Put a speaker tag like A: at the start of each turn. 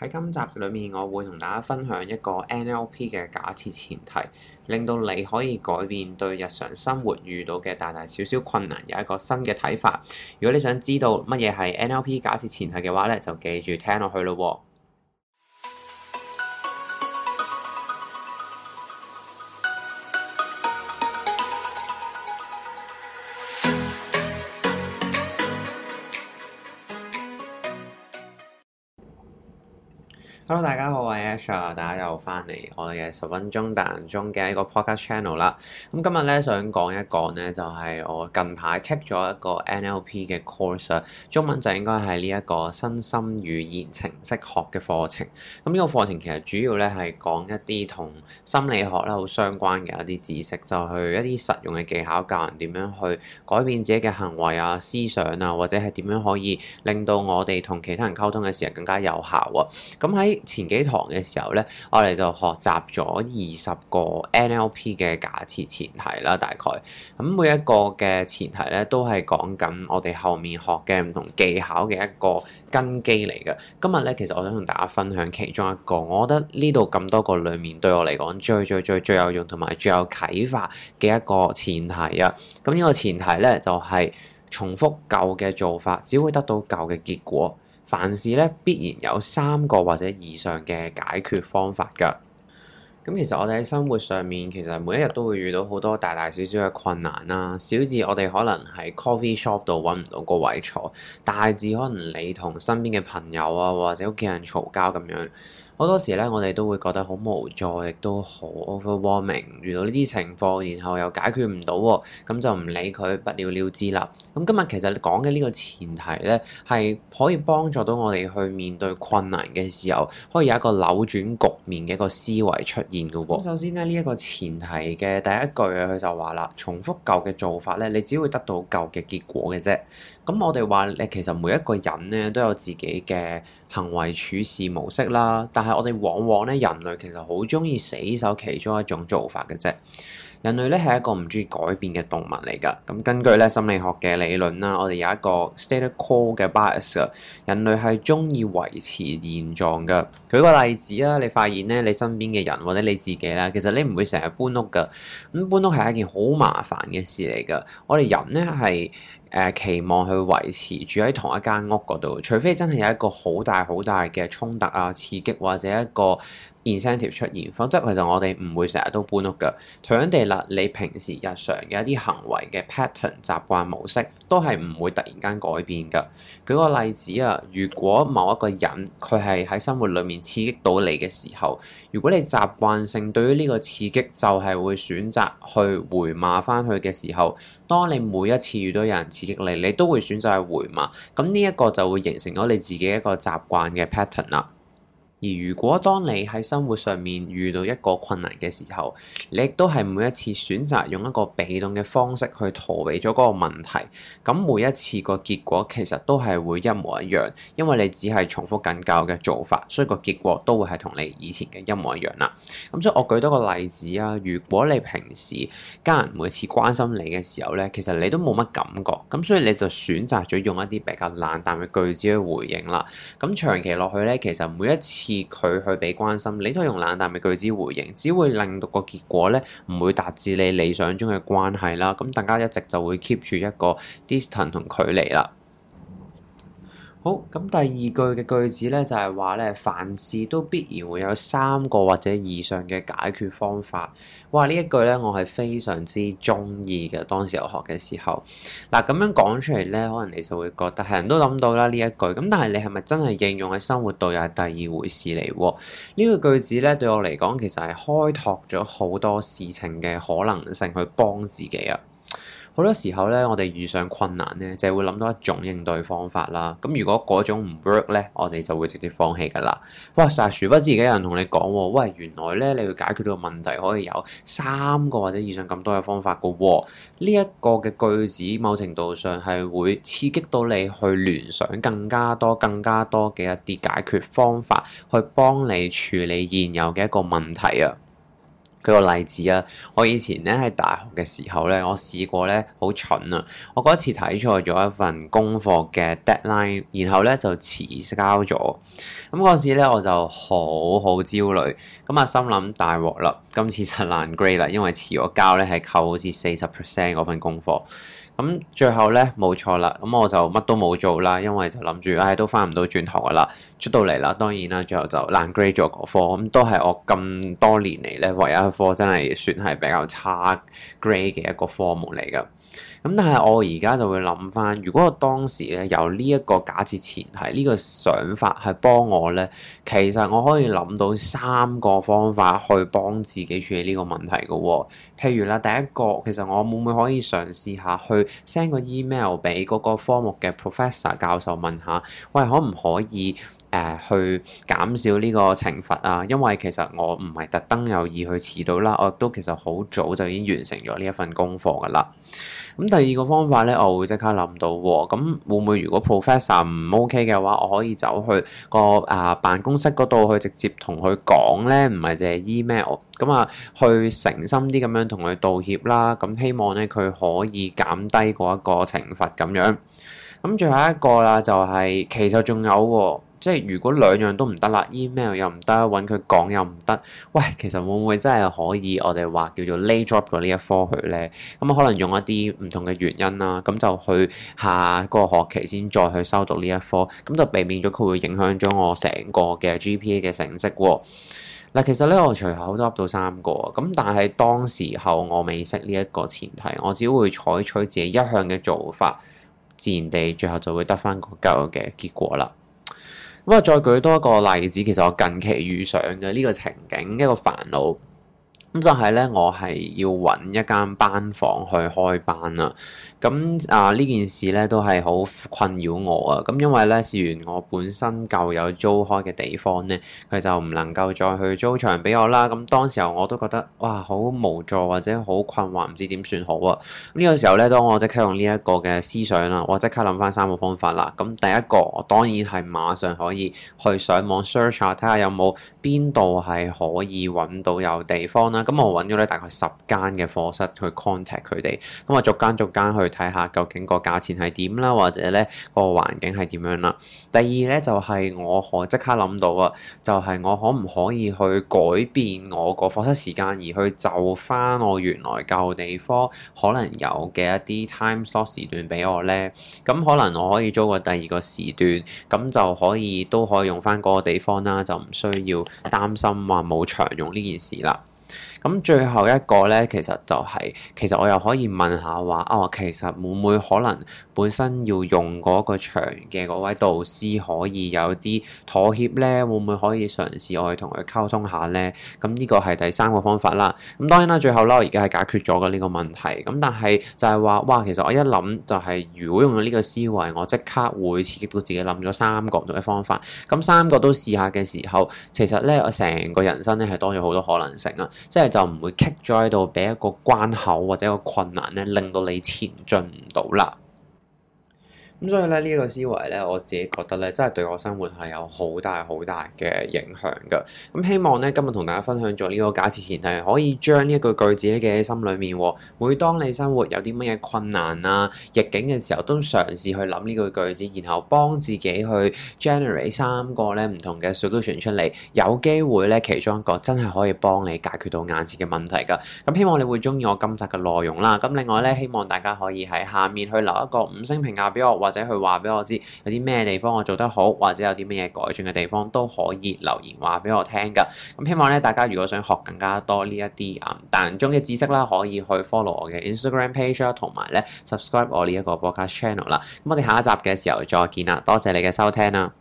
A: 喺今集裏面，我會同大家分享一個 NLP 嘅假設前提，令到你可以改變對日常生活遇到嘅大大小小困難有一個新嘅睇法。如果你想知道乜嘢係 NLP 假設前提嘅話咧，就記住聽落去咯。Hello，大家好，我係 Asher，大家又翻嚟我哋嘅十分鐘、大人中嘅一個 Podcast Channel 啦。咁今日咧想講一講咧，就係、是、我近排 take 咗一個 NLP 嘅 course，中文就應該係呢一個身心語言程式學嘅課程。咁呢個課程其實主要咧係講一啲同心理學咧好相關嘅一啲知識，就去、是、一啲實用嘅技巧，教人點樣去改變自己嘅行為啊、思想啊，或者係點樣可以令到我哋同其他人溝通嘅時候更加有效啊。咁喺前幾堂嘅時候咧，我哋就學習咗二十個 NLP 嘅假設前提啦，大概咁每一個嘅前提咧，都係講緊我哋後面學嘅唔同技巧嘅一個根基嚟嘅。今日咧，其實我想同大家分享其中一個，我覺得呢度咁多個裡面對我嚟講最最最最有用同埋最有啟發嘅一個前提啊。咁呢個前提咧，就係重複舊嘅做法，只會得到舊嘅結果。凡事咧，必然有三個或者以上嘅解決方法㗎。咁其實我哋喺生活上面，其實每一日都會遇到好多大大小小嘅困難啦。小至我哋可能喺 coffee shop 度揾唔到個位坐，大至可能你同身邊嘅朋友啊，或者屋企人嘈交咁樣。好多時咧，我哋都會覺得好無助，亦都好 overwhelming，遇到呢啲情況，然後又解決唔到，咁就唔理佢，不了了之啦。咁今日其實你講嘅呢個前提咧，係可以幫助到我哋去面對困難嘅時候，可以有一個扭轉局面嘅一個思維出現嘅喎。咁首先咧，呢一個前提嘅第一句佢就話啦：重複舊嘅做法咧，你只會得到舊嘅結果嘅啫。咁我哋話，你其實每一個人咧都有自己嘅。行為處事模式啦，但係我哋往往咧，人類其實好中意死守其中一種做法嘅啫。人類咧係一個唔中意改變嘅動物嚟噶。咁根據咧心理學嘅理論啦，我哋有一個 status quo 嘅 bias，人類係中意維持現狀噶。舉個例子啊，你發現咧，你身邊嘅人或者你自己啦，其實你唔會成日搬屋噶。咁搬屋係一件好麻煩嘅事嚟噶。我哋人咧係。呃、期望去維持住喺同一間屋嗰度，除非真係有一個好大好大嘅衝突啊、刺激，或者一個。Incentive 出現，否則其實我哋唔會成日都搬屋㗎。同樣地啦，你平時日常嘅一啲行為嘅 pattern、習慣模式，都係唔會突然間改變嘅。舉個例子啊，如果某一個人佢係喺生活裡面刺激到你嘅時候，如果你習慣性對於呢個刺激就係、是、會選擇去回罵翻去嘅時候，當你每一次遇到有人刺激你，你都會選擇去回罵，咁呢一個就會形成咗你自己一個習慣嘅 pattern 啦。而如果當你喺生活上面遇到一個困難嘅時候，你亦都係每一次選擇用一個被動嘅方式去逃避咗嗰個問題。咁每一次個結果其實都係會一模一樣，因為你只係重複緊舊嘅做法，所以個結果都會係同你以前嘅一模一樣啦。咁所以我舉多個例子啊，如果你平時家人每次關心你嘅時候咧，其實你都冇乜感覺，咁所以你就選擇咗用一啲比較冷淡嘅句子去回應啦。咁長期落去咧，其實每一次而佢去畀關心，你都係用冷淡嘅句子回應，只會令到個結果咧，唔會達至你理想中嘅關係啦。咁大家一直就會 keep 住一個 distance 同距離啦。好咁，第二句嘅句子咧就係話咧，凡事都必然會有三個或者以上嘅解決方法。哇！呢一句咧，我係非常之中意嘅。當時我學嘅時候，嗱、啊、咁樣講出嚟咧，可能你就會覺得係人都諗到啦呢一句。咁但係你係咪真係應用喺生活度又係第二回事嚟喎？呢、這個句子咧對我嚟講，其實係開拓咗好多事情嘅可能性去幫自己啊！好多時候咧，我哋遇上困難咧，就會諗到一種應對方法啦。咁如果嗰種唔 work 咧，我哋就會直接放棄噶啦。哇！但係殊不知而家有人同你講，喂，原來咧你要解決到問題可以有三個或者以上咁多嘅方法噶。呢一個嘅句子，某程度上係會刺激到你去聯想更加多、更加多嘅一啲解決方法，去幫你處理現有嘅一個問題啊！舉個例子啊，我以前咧喺大學嘅時候咧，我試過咧好蠢啊！我嗰次睇錯咗一份功課嘅 deadline，然後咧就遲交咗。咁嗰陣時咧，我就好好焦慮，咁我心諗大鑊啦！今次實難 grade 啦，因為遲咗交咧係扣好似四十 percent 嗰份功課。咁最後咧冇錯啦，咁我就乜都冇做啦，因為就諗住唉，都翻唔到轉頭噶啦，出到嚟啦，當然啦，最後就爛 grade 咗個科，咁都係我咁多年嚟咧唯一科真係算係比較差 grade 嘅一個科目嚟㗎。咁但係我而家就會諗翻，如果我當時咧由呢一個假設前提，呢、呢個想法係幫我咧，其實我可以諗到三個方法去幫自己處理呢個問題嘅喎、哦。譬如啦，第一個其實我會唔會可以嘗試下去 send 個 email 俾嗰個科目嘅 professor 教授問下，喂，可唔可以？誒去減少呢個懲罰啊！因為其實我唔係特登有意去遲到啦，我亦都其實好早就已經完成咗呢一份功課噶啦。咁第二個方法咧，我會即刻諗到喎。咁、啊、會唔會如果 professor 唔 OK 嘅話，我可以走去、嗰個啊辦公室嗰度去直接同佢講咧，唔係淨係 email 咁啊，去誠心啲咁樣同佢道歉啦。咁希望咧佢可以減低嗰一個懲罰咁樣。咁最後一個啦、就係，就係其實仲有喎、啊。即係如果兩樣都唔得啦，email 又唔得，揾佢講又唔得，喂，其實會唔會真係可以我哋話叫做 late drop 到呢一科去呢？咁可能用一啲唔同嘅原因啦，咁就去下個學期先再去修讀呢一科，咁就避免咗佢會影響咗我成個嘅 GPA 嘅成績。嗱，其實呢我最後都 drop 到三個，咁但係當時候我未識呢一個前提，我只會採取自己一向嘅做法，自然地最後就會得翻個夠嘅結果啦。咁啊，再舉多一個例子，其實我近期遇上嘅呢個情景，一個煩惱。咁就係咧，我係要揾一間班房去開班啊，咁啊，呢件事咧都係好困擾我啊。咁因為咧，事緣我本身舊有租開嘅地方咧，佢就唔能夠再去租場俾我啦。咁當時候我都覺得哇，好無助或者好困惑，唔知點算好啊。咁呢個時候咧，當我即刻用呢一個嘅思想啦，我即刻諗翻三個方法啦。咁第一個當然係馬上可以去上網 search 下，睇下有冇邊度係可以揾到有地方啦。咁我揾咗咧大概十間嘅課室去 contact 佢哋，咁我逐間逐間去睇下究竟個價錢係點啦，或者咧個環境係點樣啦。第二咧就係我，我，就係我可即刻諗到啊，就係我可唔可以去改變我個課室時間，而去就翻我原來舊地方可能有嘅一啲 time slot 時段俾我咧？咁可能我可以租個第二個時段，咁就可以都可以用翻嗰個地方啦，就唔需要擔心話冇場用呢件事啦。咁最後一個咧，其實就係，其實我又可以問下話，哦，其實會唔會可能本身要用嗰個場嘅嗰位導師可以有啲妥協咧？會唔會可以嘗試我哋同佢溝通下咧？咁呢個係第三個方法啦。咁當然啦，最後啦，我而家係解決咗嘅呢個問題。咁但係就係話，哇，其實我一諗就係，如果用咗呢個思維，我即刻會刺激到自己諗咗三個唔同嘅方法。咁三個都試下嘅時候，其實咧，我成個人生咧係多咗好多可能性啊！即係就唔會棘咗喺度，畀一個關口或者一個困難咧，令到你前進唔到啦。咁所以咧呢個思維咧，我自己覺得咧，真係對我生活係有好大好大嘅影響㗎。咁希望咧今日同大家分享咗呢個假設前提，可以將呢一句句子咧記喺心裏面。每當你生活有啲乜嘢困難啊、逆境嘅時候，都嘗試去諗呢句句子，然後幫自己去 generate 三個咧唔同嘅 solution 出嚟，有機會咧其中一個真係可以幫你解決到眼前嘅問題㗎。咁希望你會中意我今集嘅內容啦。咁另外咧，希望大家可以喺下面去留一個五星評價俾我，或者佢話俾我知有啲咩地方我做得好，或者有啲咩嘢改進嘅地方都可以留言話俾我聽㗎。咁希望咧，大家如果想學更加多呢一啲啊彈中嘅知識啦，可以去 follow 我嘅 Instagram page 啊，同埋咧 subscribe 我呢一個 podcast channel 啦。咁我哋下一集嘅時候再見啦，多謝你嘅收聽啦。